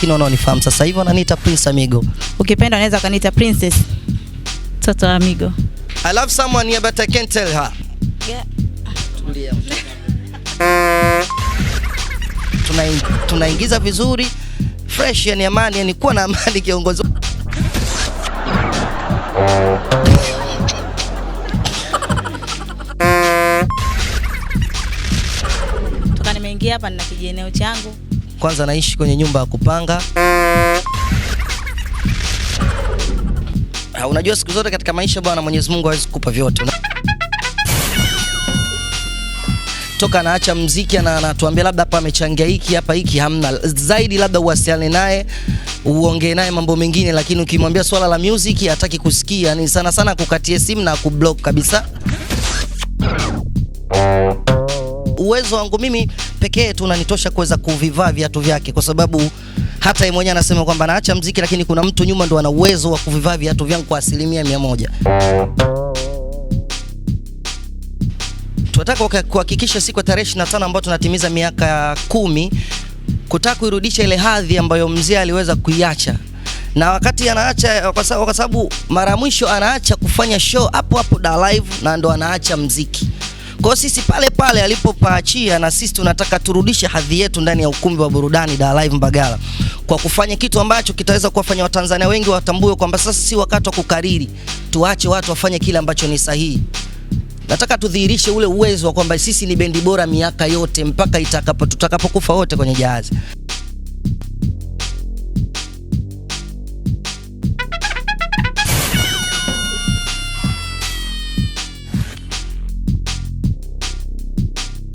lakini wanaonifahamu sasa hivi wananiita Prince Amigo. Ukipenda unaweza kaniita Princess Toto Amigo. I love someone here but I can't tell her. Yeah. Tulia. Tunaingiza tuna vizuri fresh, yani amani, yani kuwa na amani kiongozi. Toka nimeingia hapa nina kijieneo changu kwanza naishi kwenye nyumba ya kupanga. Ha, ah, unajua siku zote katika maisha bwana, Mwenyezi Mungu hawezi kukupa vyote. Toka anaacha mziki na anatuambia labda hapa amechangia hiki hapa hiki, hamna zaidi, labda uwasiliane naye uongee naye mambo mengine, lakini ukimwambia swala la music hataki kusikia, ni sana sana kukatia simu na kublock kabisa uwezo wangu mimi pekee tu unanitosha kuweza kuvivaa viatu vyake, kwa sababu hata yeye mwenyewe anasema kwamba anaacha mziki, lakini kuna mtu nyuma ndo ana uwezo wa kuvivaa viatu vyangu kwa asilimia mia moja. Tunataka kuhakikisha siku ya tarehe 25 ambayo tunatimiza miaka kumi kutaka kuirudisha ile hadhi ambayo mzee aliweza kuiacha na wakati anaacha, kwa sababu mara mwisho anaacha kufanya show hapo hapo da live, na ndo anaacha mziki. Kwa sisi pale pale alipopaachia, na sisi tunataka turudishe hadhi yetu ndani ya ukumbi wa burudani Dar Live Mbagala kwa kufanya kitu ambacho kitaweza kuwafanya Watanzania wengi watambue kwamba sasa si wakati wa kukariri, tuache watu wafanye kile ambacho ni sahihi. Nataka tudhihirishe ule uwezo wa kwamba sisi ni bendi bora miaka yote mpaka itakapo tutakapokufa wote kwenye jahazi.